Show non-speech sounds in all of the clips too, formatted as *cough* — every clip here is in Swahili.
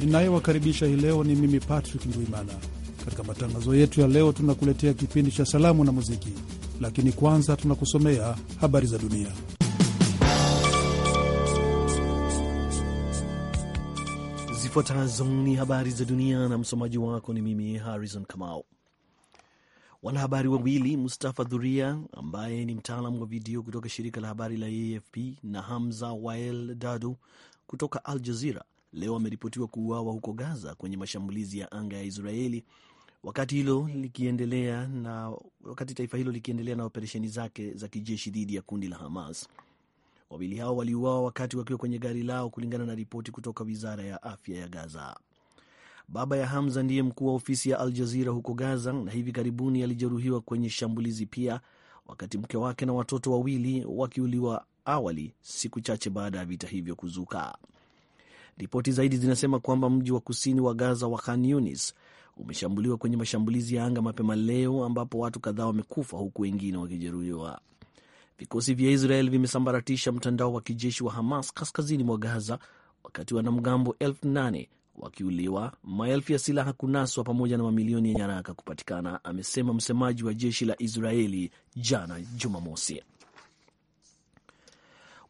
ninayewakaribisha hii leo ni mimi Patrick Ndwimana. Katika matangazo yetu ya leo, tunakuletea kipindi cha salamu na muziki, lakini kwanza tunakusomea habari za dunia. Zifuatazo ni habari za dunia, na msomaji wako ni mimi Harrison Kamau. Wanahabari wawili Mustafa Dhuria ambaye ni mtaalamu wa video kutoka shirika la habari la AFP na Hamza Wael Dadu kutoka Al Jazira leo ameripotiwa kuuawa huko Gaza kwenye mashambulizi ya anga ya Israeli wakati hilo likiendelea na wakati taifa hilo likiendelea na operesheni zake za kijeshi dhidi ya kundi la Hamas. Wawili hao waliuawa wakati wakiwa kwenye gari lao, kulingana na ripoti kutoka wizara ya afya ya Gaza. Baba ya Hamza ndiye mkuu wa ofisi ya Al Jazira huko Gaza, na hivi karibuni alijeruhiwa kwenye shambulizi pia, wakati mke wake na watoto wawili wakiuliwa awali siku chache baada ya vita hivyo kuzuka. Ripoti zaidi zinasema kwamba mji wa kusini wa Gaza wa Khan Yunis umeshambuliwa kwenye mashambulizi ya anga mapema leo, ambapo watu kadhaa wamekufa huku wengine wakijeruhiwa. Vikosi vya Israel vimesambaratisha mtandao wa kijeshi wa Hamas kaskazini mwa Gaza, wakati wanamgambo elfu nane wakiuliwa, maelfu ya silaha kunaswa, pamoja na mamilioni ya nyaraka kupatikana, amesema msemaji wa jeshi la Israeli jana Jumamosi.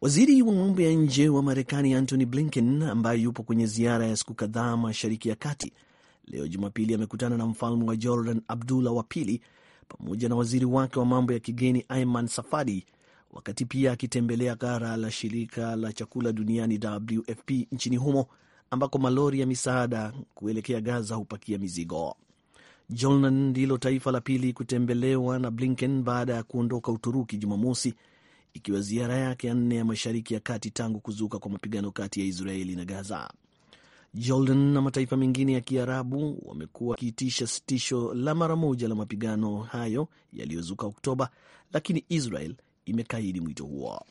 Waziri wa mambo ya nje wa Marekani Antony Blinken, ambaye yupo kwenye ziara ya siku kadhaa Mashariki ya Kati, leo Jumapili amekutana na mfalme wa Jordan Abdullah wa pili pamoja na waziri wake wa mambo ya kigeni Ayman Safadi, wakati pia akitembelea ghala la shirika la chakula duniani WFP nchini humo ambako malori ya misaada kuelekea Gaza hupakia mizigo. Jordan ndilo taifa la pili kutembelewa na Blinken baada ya kuondoka Uturuki Jumamosi ikiwa ziara yake ya nne ya Mashariki ya Kati tangu kuzuka kwa mapigano kati ya Israeli na Gaza. Jordan na mataifa mengine ya Kiarabu wamekuwa wakiitisha sitisho la mara moja la mapigano hayo yaliyozuka Oktoba, lakini Israel imekaidi mwito huo.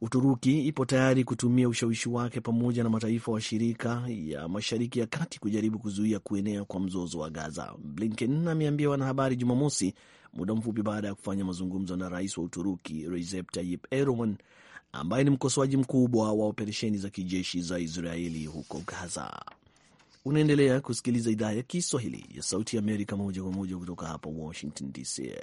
Uturuki ipo tayari kutumia ushawishi wake pamoja na mataifa washirika ya Mashariki ya Kati kujaribu kuzuia kuenea kwa mzozo wa Gaza, Blinken ameambia wanahabari Jumamosi, muda mfupi baada ya kufanya mazungumzo na rais wa Uturuki Recep Tayyip Erdogan ambaye ni mkosoaji mkubwa wa operesheni za kijeshi za Israeli huko Gaza. Unaendelea kusikiliza idhaa ya Kiswahili ya Sauti ya Amerika moja kwa moja kutoka hapa Washington DC.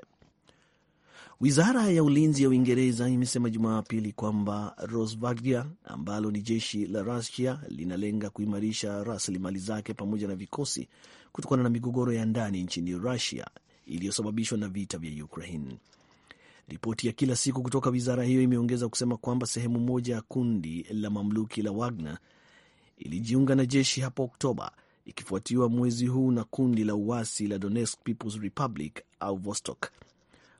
Wizara ya ulinzi ya Uingereza imesema Jumapili kwamba Rosbagia, ambalo ni jeshi la Rusia linalenga kuimarisha rasilimali zake pamoja na vikosi kutokana na migogoro ya ndani nchini Rusia iliyosababishwa na vita vya Ukraine. Ripoti ya kila siku kutoka wizara hiyo imeongeza kusema kwamba sehemu moja ya kundi la mamluki la Wagner ilijiunga na jeshi hapo Oktoba, ikifuatiwa mwezi huu na kundi la uasi la Donetsk People's Republic au Vostok.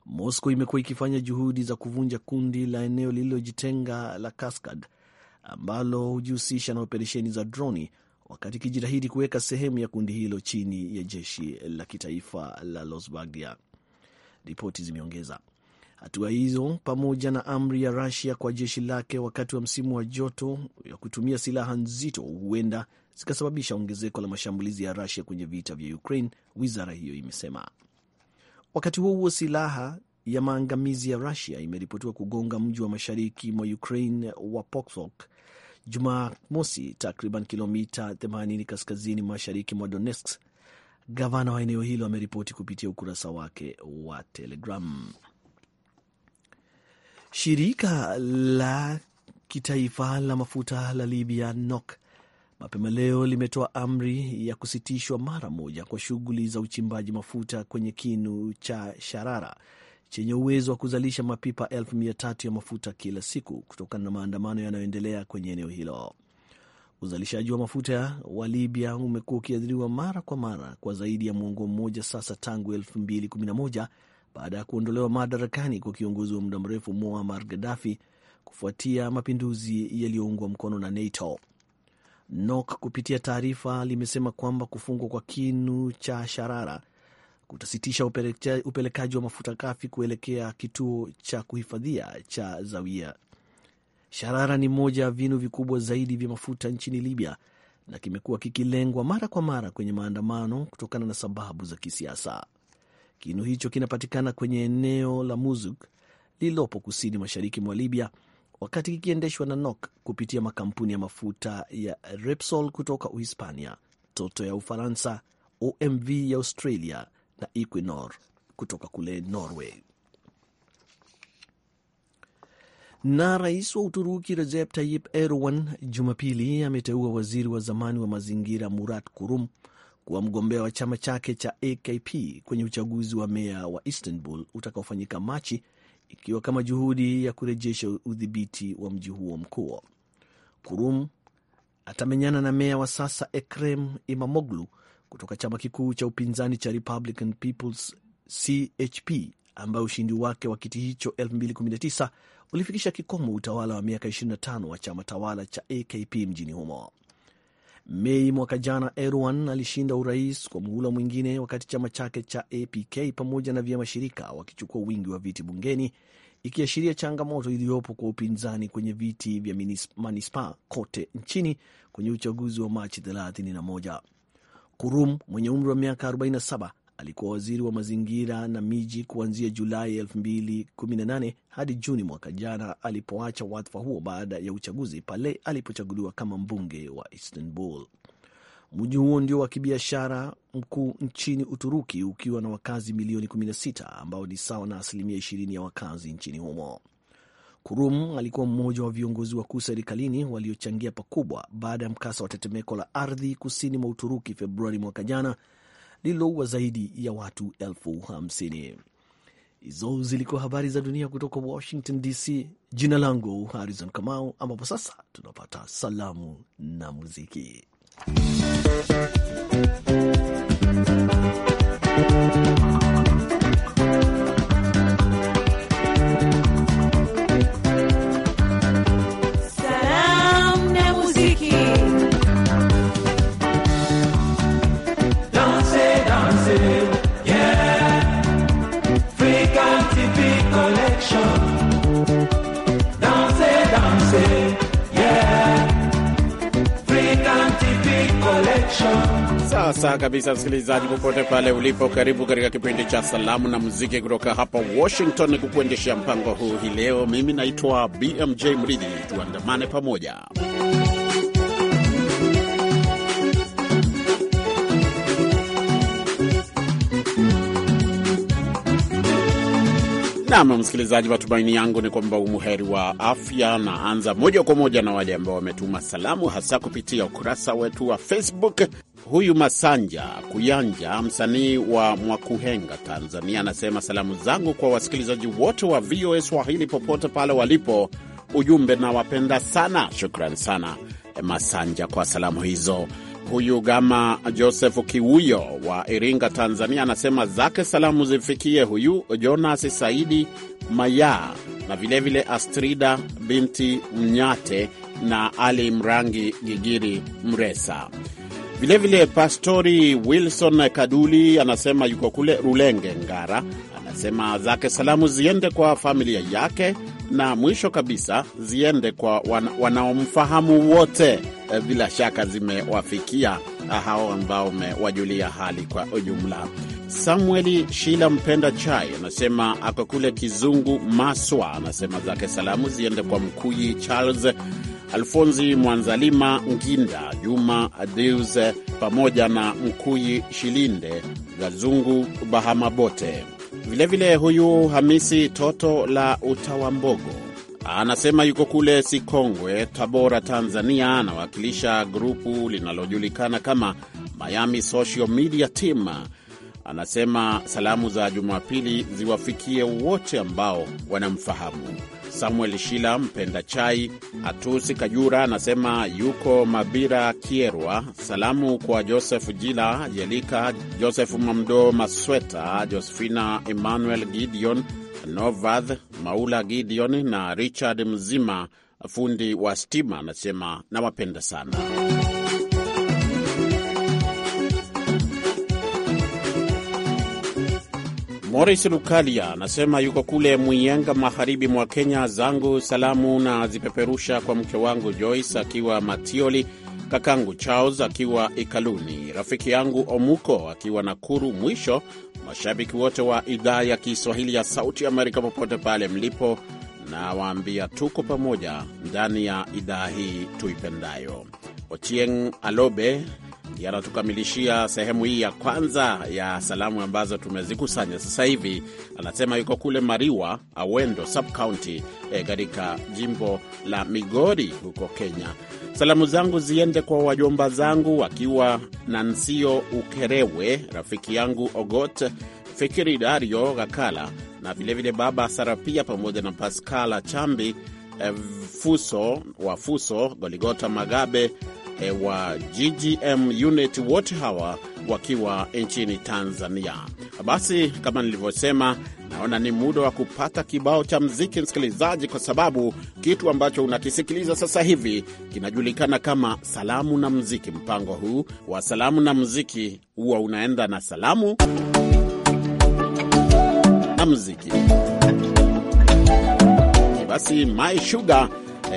Moscow imekuwa ikifanya juhudi za kuvunja kundi la eneo lililojitenga la Kaskad ambalo hujihusisha na operesheni za droni wakati ikijitahidi kuweka sehemu ya kundi hilo chini ya jeshi la kitaifa la Losbardia, ripoti zimeongeza. Hatua hizo pamoja na amri ya Rusia kwa jeshi lake wakati wa msimu wa joto ya kutumia silaha nzito huenda zikasababisha ongezeko la mashambulizi ya Rusia kwenye vita vya Ukraine, wizara hiyo imesema. Wakati huo huo, silaha ya maangamizi ya Rusia imeripotiwa kugonga mji wa mashariki mwa Ukraine wa Pokrovsk Jumamosi, takriban kilomita 80 kaskazini mashariki mwa Donetsk. Gavana wa eneo hilo ameripoti kupitia ukurasa wake wa Telegram. Shirika la kitaifa la mafuta la Libya NOC mapema leo limetoa amri ya kusitishwa mara moja kwa shughuli za uchimbaji mafuta kwenye kinu cha Sharara chenye uwezo wa kuzalisha mapipa elfu mia tatu ya mafuta kila siku kutokana na maandamano yanayoendelea kwenye eneo hilo. Uzalishaji wa mafuta wa Libya umekuwa ukiathiriwa mara kwa mara kwa zaidi ya mwongo mmoja sasa, tangu 2011 baada ya kuondolewa madarakani kwa kiongozi wa muda mrefu Muammar Gaddafi kufuatia mapinduzi yaliyoungwa mkono na NATO. NOC kupitia taarifa limesema kwamba kufungwa kwa kinu cha Sharara kutasitisha upelekaji wa mafuta ghafi kuelekea kituo cha kuhifadhia cha zawia Sharara ni moja ya vinu vikubwa zaidi vya mafuta nchini Libya na kimekuwa kikilengwa mara kwa mara kwenye maandamano kutokana na sababu za kisiasa. Kinu hicho kinapatikana kwenye eneo la Muzuk lililopo kusini mashariki mwa Libya, wakati kikiendeshwa na NOC kupitia makampuni ya mafuta ya Repsol kutoka Uhispania, Toto ya Ufaransa, OMV ya Australia na Equinor kutoka kule Norway. Na rais wa Uturuki Recep Tayyip Erdogan Jumapili ameteua waziri wa zamani wa mazingira Murat Kurum kuwa mgombea wa chama chake cha AKP kwenye uchaguzi wa meya wa Istanbul utakaofanyika Machi, ikiwa kama juhudi ya kurejesha udhibiti wa mji huo mkuu. Kurum atamenyana na meya wa sasa Ekrem Imamoglu kutoka chama kikuu cha upinzani cha Republican Peoples CHP ambayo ushindi wake wa kiti hicho 2019 ulifikisha kikomo utawala wa miaka 25 wa chama tawala cha AKP mjini humo. Mei mwaka jana, Erdogan alishinda urais kwa muhula mwingine, wakati chama chake cha APK pamoja na vyama shirika wakichukua wingi wa viti bungeni, ikiashiria changamoto iliyopo kwa upinzani kwenye viti vya manispaa kote nchini kwenye uchaguzi wa Machi 31. Kurum mwenye umri wa miaka 47 alikuwa waziri wa mazingira na miji kuanzia Julai 2018 hadi Juni mwaka jana alipoacha wadhifa huo baada ya uchaguzi pale alipochaguliwa kama mbunge wa Istanbul. Mji huo ndio wa kibiashara mkuu nchini Uturuki ukiwa na wakazi milioni 16 ambao ni sawa na asilimia 20 ya wakazi nchini humo. Kurum alikuwa mmoja wa viongozi wakuu serikalini waliochangia pakubwa baada ya mkasa wa tetemeko la ardhi kusini mwa Uturuki Februari mwaka jana lililoua zaidi ya watu elfu hamsini. Hizo zilikuwa habari za dunia kutoka Washington DC. Jina langu Harrison Kamau, ambapo sasa tunapata salamu na muziki sasa kabisa, msikilizaji, popote pale ulipo, karibu katika kipindi cha salamu na muziki kutoka hapa Washington. Kukuendeshea mpango huu hii leo, mimi naitwa BMJ Mridhi. Tuandamane pamoja. Nam msikilizaji, matumaini yangu ni kwamba umuheri wa afya. Naanza moja kwa moja na wale ambao wametuma salamu, hasa kupitia ukurasa wetu wa Facebook. Huyu Masanja Kuyanja, msanii wa Mwakuhenga, Tanzania, anasema salamu zangu kwa wasikilizaji wote wa VOA Swahili popote pale walipo. Ujumbe nawapenda sana. Shukran sana Masanja kwa salamu hizo. Huyu Gama josefu Kiwuyo wa Iringa, Tanzania, anasema zake salamu zifikie huyu Jonas Saidi Maya na vilevile vile Astrida binti Mnyate na Ali Mrangi Gigiri Mresa. Vilevile Pastori Wilson Kaduli anasema yuko kule Rulenge, Ngara. Anasema zake salamu ziende kwa familia yake na mwisho kabisa ziende kwa wana, wanaomfahamu wote. E, bila shaka zimewafikia ah, hao ambao umewajulia hali kwa ujumla. Samueli Shila Mpenda Chai anasema ako kule Kizungu, Maswa. Anasema zake salamu ziende kwa Mkuyi Charles Alfonzi Mwanzalima Nginda, Juma Adius pamoja na Mkuyi Shilinde Gazungu Bahamabote. Vilevile huyu Hamisi Toto la Utawambogo anasema yuko kule Sikongwe, Tabora, Tanzania. Anawakilisha grupu linalojulikana kama Miami Social Media Team. Anasema salamu za Jumapili ziwafikie wote ambao wanamfahamu. Samuel Shila mpenda chai, Atusi Kajura anasema yuko Mabira Kierwa. Salamu kwa Joseph Jila, Jelika Joseph, Mamdo Masweta, Josefina Emmanuel, Gideon Novadh, Maula Gideon na Richard Mzima, fundi wa stima, anasema nawapenda sana. moris Lukalia anasema yuko kule Mwiyenga, magharibi mwa Kenya. Zangu salamu na zipeperusha kwa mke wangu Joyce akiwa Matioli, kakangu Charles akiwa Ikaluni, rafiki yangu Omuko akiwa Nakuru. Mwisho, mashabiki wote wa idhaa ya Kiswahili ya Sauti Amerika popote pale mlipo, na waambia tuko pamoja ndani ya idhaa hii tuipendayo. Ochieng Alobe yanatukamilishia sehemu hii ya kwanza ya salamu ambazo tumezikusanya sasa hivi. Anasema yuko kule Mariwa Awendo sub county eh, katika e, jimbo la Migori huko Kenya. Salamu zangu ziende kwa wajomba zangu wakiwa Nansio Ukerewe, rafiki yangu Ogot Fikiri, Dario Gakala na vilevile baba Sarapia pamoja na Paskala Chambi eh, Fuso wa Fuso, Goligota Magabe wa GGM unit wote hawa wakiwa nchini Tanzania. Basi kama nilivyosema, naona ni muda wa kupata kibao cha mziki, msikilizaji, kwa sababu kitu ambacho unakisikiliza sasa hivi kinajulikana kama salamu na mziki. Mpango huu wa salamu na mziki huwa unaenda na salamu na mziki. Basi My Sugar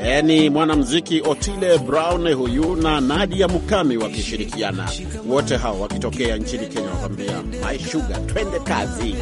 E, ni yaani, mwanamuziki Otile Brown huyu na Nadia Mukami wakishirikiana, wote hao wakitokea nchini Kenya, wakwambia my sugar, twende kazi.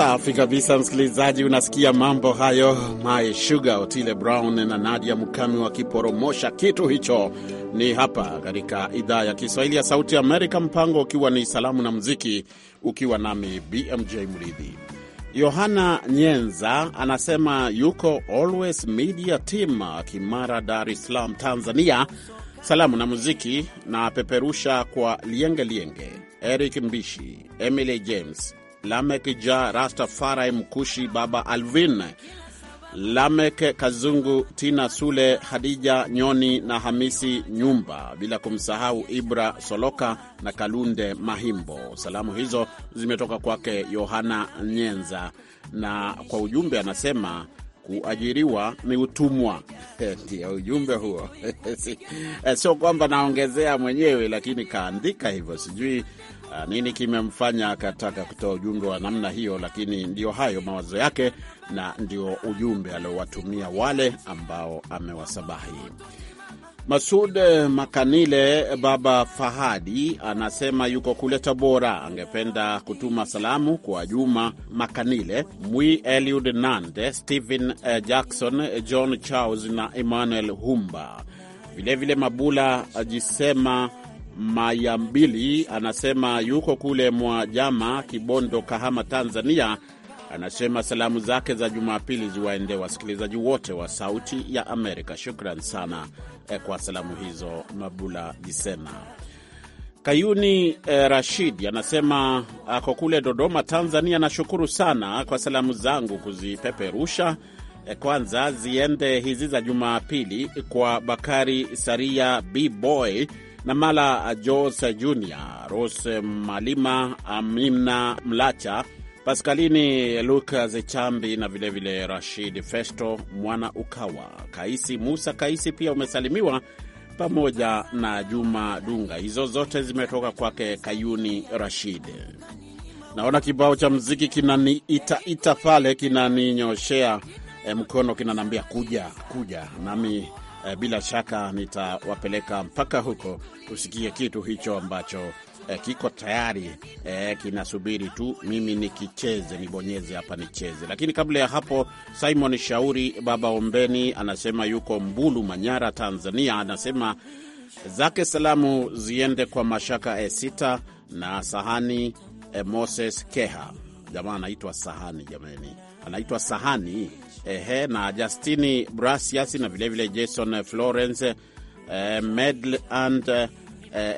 Safi kabisa, msikilizaji, unasikia mambo hayo. My Sugar, Otile Brown na Nadia Mukami wakiporomosha kitu hicho. Ni hapa katika idhaa ya Kiswahili ya Sauti Amerika, mpango ukiwa ni salamu na muziki, ukiwa nami BMJ Mridhi. Yohana Nyenza anasema yuko Always Media Team, Kimara, Dar es Salaam, Tanzania. Salamu na muziki na peperusha kwa lienge lienge, Eric Mbishi, Emily James Lamek Ja Rastafari Mkushi, Baba Alvin Lamek Kazungu, Tina Sule, Hadija Nyoni na Hamisi Nyumba, bila kumsahau Ibra Soloka na Kalunde Mahimbo. Salamu hizo zimetoka kwake Yohana Nyenza, na kwa ujumbe anasema kuajiriwa ni utumwa. *laughs* Ndio ujumbe huo. *laughs* Eh, sio kwamba naongezea mwenyewe, lakini kaandika hivyo, sijui Ah, nini kimemfanya akataka kutoa ujumbe wa namna hiyo, lakini ndio hayo mawazo yake na ndio ujumbe aliowatumia wale ambao amewasabahi. Masud Makanile Baba Fahadi anasema yuko kule Tabora, angependa kutuma salamu kwa Juma Makanile, Mwi Eliud Nande, Stephen eh, Jackson, John Charles na Emmanuel Humba, vilevile vile Mabula ajisema Mayambili anasema yuko kule mwa Jama, Kibondo, Kahama, Tanzania. Anasema salamu zake za Jumapili ziwaende wasikilizaji wote wa Sauti ya Amerika. Shukran sana eh, kwa salamu hizo, Mabula Jisena. Kayuni eh, Rashid anasema ako kule Dodoma, Tanzania. Nashukuru sana kwa salamu zangu kuzipeperusha. Eh, kwanza ziende hizi za Jumapili kwa Bakari Saria B Boy Namala jose Jr, Rose Malima, Amina Mlacha, Paskalini Lukas Chambi na vilevile vile Rashid Festo Mwana Ukawa, Kaisi Musa Kaisi pia umesalimiwa pamoja na Juma Dunga. Hizo zote zimetoka kwake Kayuni Rashid. Naona kibao cha mziki kinaniitaita pale, kinaninyoshea eh, mkono, kinanaambia kuja kuja, nami eh, bila shaka nitawapeleka mpaka huko tusikie kitu hicho ambacho eh, kiko tayari eh, kinasubiri tu mimi nikicheze, nibonyeze hapa nicheze. Lakini kabla ya hapo, Simon Shauri baba Ombeni anasema yuko Mbulu, Manyara, Tanzania, anasema zake salamu ziende kwa Mashaka Esita na Sahani e Moses Keha. Jamaa anaitwa Sahani, jamani, anaitwa Sahani ehe, na Justini Brasias na vilevile vile Jason Florence eh, Medland eh,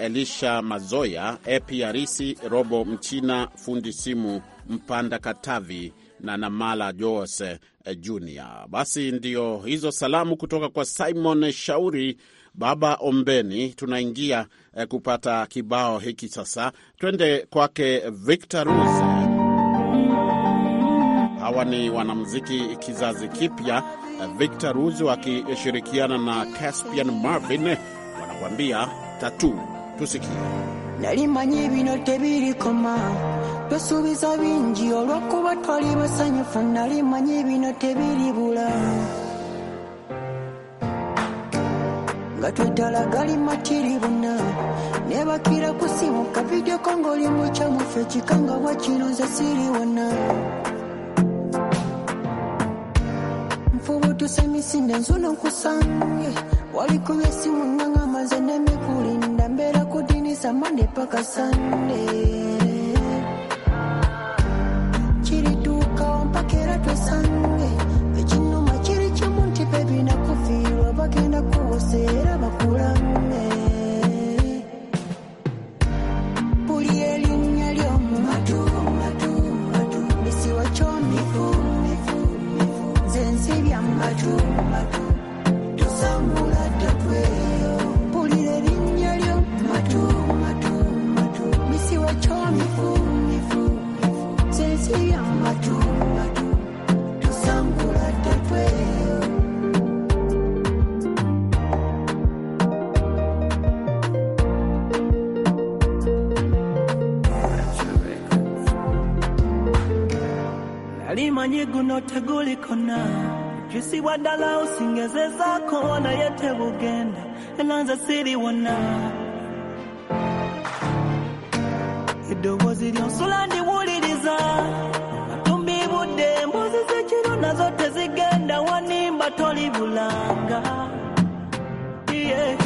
Elisha Mazoya, Epi Arisi Robo Mchina, fundi simu Mpanda Katavi na Namala Jose eh, Junior. Basi ndio hizo salamu kutoka kwa Simon Shauri, Baba Ombeni. Tunaingia eh, kupata kibao hiki sasa, twende kwake Victor Ruse. Hawa ni wanamuziki kizazi kipya, Victor Ruzu akishirikiana na Caspian Marvin wanakuambia tatu. Tusikie nalimanye bino tebirikoma twesuubiza bingi olw'okuba twali basanyufu nalimanye bino tebiribula nga twetala gali matiri buna nebakira kusimuka vidio kongoli mu kyamufe ekikanga bwa kino tuse misinde nzuno nkusange walikobya simu nanga manze nemikulinda mbera kudinisa mande paka sande chirituka mpakera twesange ekinuma chiri chimunti pebinakufiirwa bagenda kuwosera bakulanga Lima nyigu notegulikona jusi wadala usingeze zako wona yete bugenda elanza siriwona eddoboozi lyonsula ndi kuzikiriza matumbi budde mbuzi zekiro nazo tezigenda wanimba tolibulanga yeah.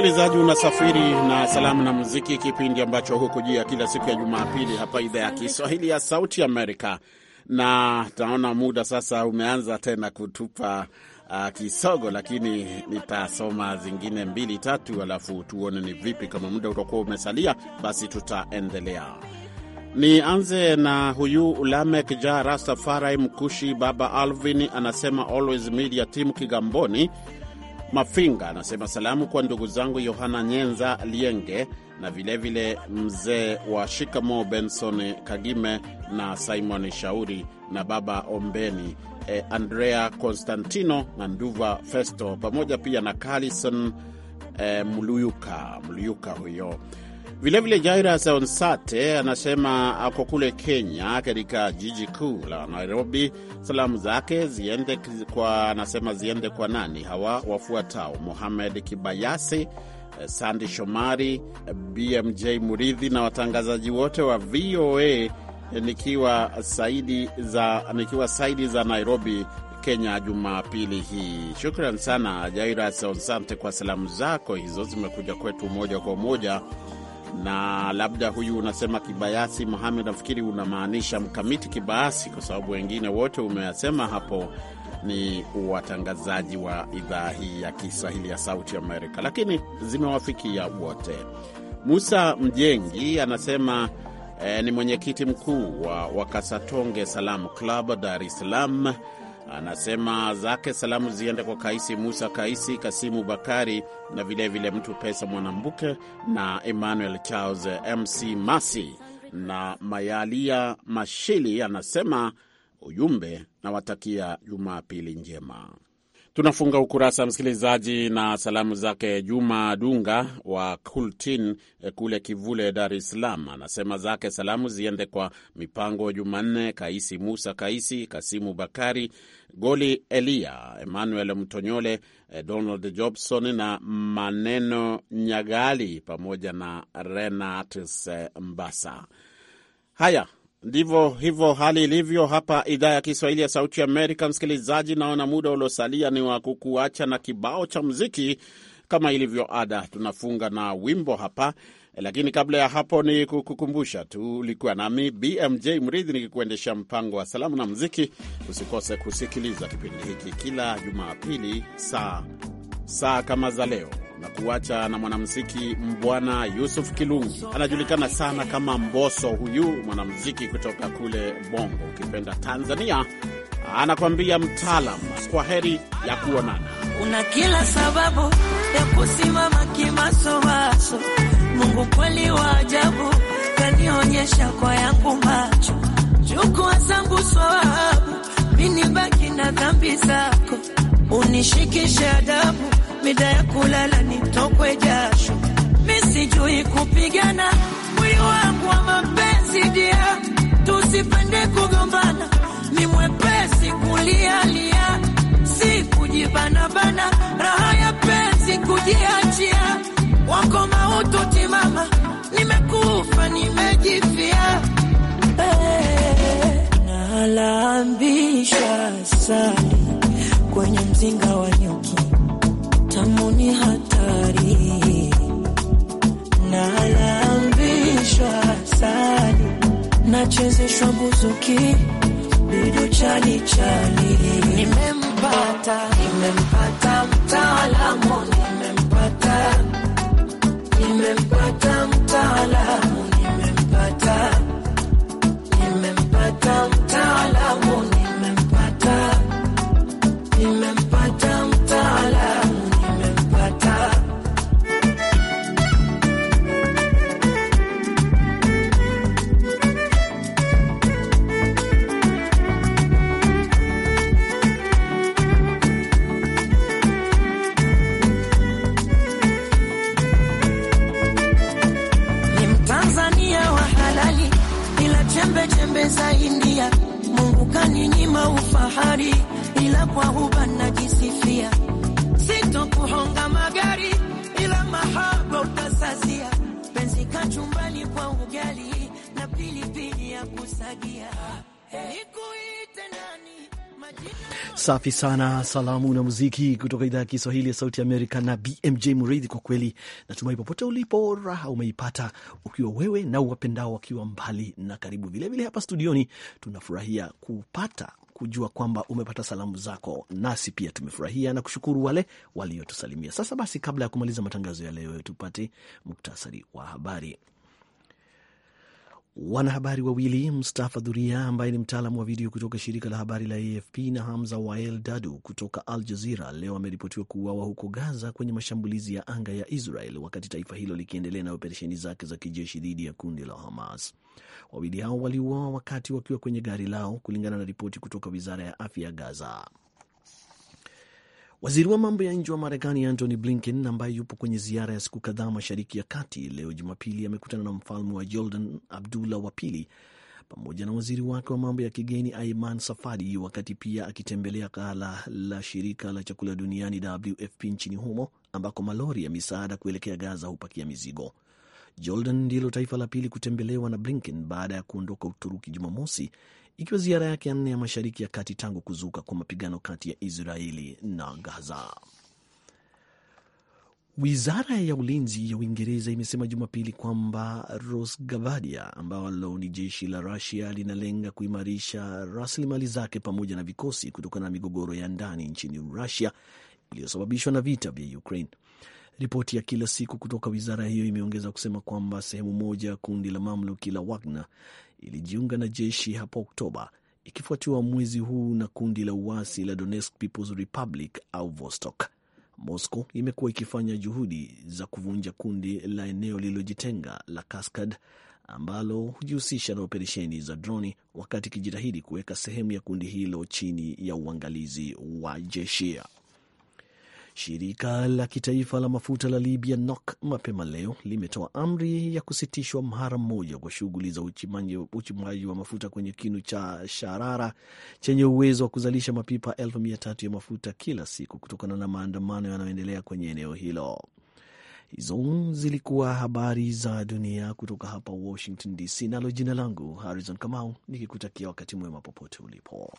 Msikilizaji, unasafiri na salamu na muziki, kipindi ambacho hukujia kila siku ya Jumapili hapa idhaa ya Kiswahili ya Sauti Amerika, na taona muda sasa umeanza tena kutupa uh, kisogo, lakini nitasoma zingine mbili tatu, alafu tuone ni vipi. Kama muda utakuwa umesalia, basi tutaendelea. Nianze na huyu Ulamek Ja Rastafari Mkushi, Baba Alvin anasema always media team Kigamboni Mafinga anasema salamu kwa ndugu zangu Yohana Nyenza Lienge na vilevile mzee wa shikamo Benson Kagime na Simon Shauri na baba Ombeni eh, Andrea Constantino na Nduva Festo pamoja pia na Carlison eh, Mluyuka Mluyuka huyo Vilevile Jairas Onsate anasema ako kule Kenya, katika jiji kuu la Nairobi. Salamu zake ziende kwa, anasema ziende kwa nani hawa wafuatao: Mohamed Kibayasi, eh, Sandi Shomari, eh, BMJ Muridhi na watangazaji wote wa VOA, eh, nikiwa saidi za, nikiwa saidi za Nairobi Kenya Jumapili hii. Shukran sana Jairas Onsante kwa salamu zako hizo, zimekuja kwetu moja kwa moja na labda huyu unasema Kibayasi Mohamed, nafikiri unamaanisha mkamiti Kibayasi, kwa sababu wengine wote umewasema hapo ni watangazaji wa idhaa hii ya Kiswahili ya Sauti Amerika, lakini zimewafikia wote. Musa Mjengi anasema eh, ni mwenyekiti mkuu wa Wakasatonge Salamu Club Dar es Salaam Anasema zake salamu ziende kwa Kaisi Musa Kaisi, Kasimu Bakari na vilevile vile Mtu Pesa Mwanambuke na Emmanuel Charles Mc Masi na Mayalia Mashili. Anasema ujumbe, nawatakia Jumapili njema. Tunafunga ukurasa msikilizaji na salamu zake Juma Dunga wa Kultin eh, kule Kivule, Dar es Salaam. Anasema zake salamu ziende kwa Mipango Jumanne, Kaisi Musa Kaisi, Kasimu Bakari, Goli Elia, Emmanuel Mtonyole, eh, Donald Jobson na Maneno Nyagali pamoja na Renatus eh, Mbasa. Haya, Ndivyo hivyo hali ilivyo hapa idhaa ya Kiswahili ya Sauti Amerika. Msikilizaji, naona muda uliosalia ni wa kukuacha na kibao cha mziki Kama ilivyo ada, tunafunga na wimbo hapa, lakini kabla ya hapo ni kukukumbusha tu ulikuwa nami BMJ Mridhi nikikuendesha mpango wa salamu na mziki Usikose kusikiliza kipindi hiki kila Jumapili saa saa kama za leo na kuacha na mwanamuziki Mbwana Yusuf Kilungi, anajulikana sana kama mboso Huyu mwanamuziki kutoka kule Bongo, ukipenda Tanzania, anakwambia mtaalam, kwa heri ya kuonana. Una kila sababu ya kusimama kimasomaso. Mungu kweli wa ajabu, kanionyesha kwa yangu macho, chukua zangu swawabu, mini baki na dhambi zako unishikishe adabu, mida ya kulala nitokwe jasho, misijui kupigana, mwili wangu wa mapenzi dia, tusipende kugombana, ni mwepesi kulialia, si kujibanabana, raha ya penzi kujiachia, wako mautu timama, nimekufa nimejifia, hey, eh, nalambisha sana mzinga wa nyuki tamu ni hatari nalambishwa alambishwa asali nachezeshwa buzuki bidu chali chali nimempata nimempata mtaalamu nimempata nimempata mtaalamu kama ufahari, ila kwa huba najisifia, sito kuhonga magari, ila mahaba utasazia, penzi kachumbani kwa ugali na pilipili ya kusagia nikuite nani? Safi sana, salamu na muziki kutoka idhaa ya Kiswahili ya Sauti ya Amerika na BMJ Muridhi. Kwa kweli, natumai popote ulipo, raha umeipata ukiwa wewe na uwapendao wakiwa mbali na karibu. Vilevile vile hapa studioni tunafurahia kupata kujua kwamba umepata salamu zako, nasi pia tumefurahia na kushukuru wale waliotusalimia. Sasa basi, kabla ya kumaliza matangazo ya leo, tupate muktasari wa habari. Wanahabari wawili Mustafa Dhuria ambaye ni mtaalamu wa video kutoka shirika la habari la AFP na Hamza Wael Dadu kutoka Al Jazeera leo ameripotiwa kuuawa huko Gaza kwenye mashambulizi ya anga ya Israel wakati taifa hilo likiendelea na operesheni zake za kijeshi dhidi ya kundi la Hamas. Wawili hao waliuawa wakati wakiwa kwenye gari lao, kulingana na ripoti kutoka wizara ya afya ya Gaza. Waziri wa mambo ya nje wa Marekani Antony Blinken, ambaye yupo kwenye ziara ya siku kadhaa mashariki ya kati, leo Jumapili amekutana na mfalme wa Jordan Abdullah wa pili pamoja na waziri wake wa mambo ya kigeni Aiman Safadi, wakati pia akitembelea ghala la shirika la chakula duniani WFP nchini humo ambako malori ya misaada kuelekea Gaza hupakia mizigo. Jordan ndilo taifa la pili kutembelewa na Blinken baada ya kuondoka Uturuki Jumamosi, ikiwa ziara yake ya nne ya Mashariki ya Kati tangu kuzuka kwa mapigano kati ya Israeli na Gaza. Wizara ya ulinzi ya Uingereza imesema Jumapili kwamba Rosgavadia ambalo ni jeshi la Rusia linalenga kuimarisha rasilimali zake pamoja na vikosi kutokana na migogoro ya ndani nchini Rusia iliyosababishwa na vita vya Ukraine. Ripoti ya kila siku kutoka wizara hiyo imeongeza kusema kwamba sehemu moja ya kundi la mamluki la Wagner ilijiunga na jeshi hapo Oktoba, ikifuatiwa mwezi huu na kundi la uasi la Donetsk People's Republic au Vostok. Moscow imekuwa ikifanya juhudi za kuvunja kundi la eneo lililojitenga la Kaskad ambalo hujihusisha na operesheni za droni, wakati ikijitahidi kuweka sehemu ya kundi hilo chini ya uangalizi wa jeshi. Shirika la kitaifa la mafuta la Libya NOC mapema leo limetoa amri ya kusitishwa mara moja kwa shughuli za uchimbaji wa mafuta kwenye kinu cha Sharara chenye uwezo wa kuzalisha mapipa elfu mia tatu ya mafuta kila siku kutokana na maandamano yanayoendelea kwenye eneo hilo. Hizo zilikuwa habari za dunia kutoka hapa Washington DC, nalo jina langu Harrison Kamau nikikutakia wakati mwema popote ulipo.